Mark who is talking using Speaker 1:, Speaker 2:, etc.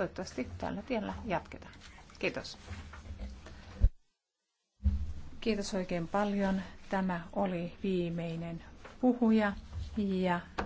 Speaker 1: toivottavasti tällä tiellä jatketaan. Kiitos.
Speaker 2: Kiitos oikein paljon. Tämä oli viimeinen
Speaker 3: puhuja ja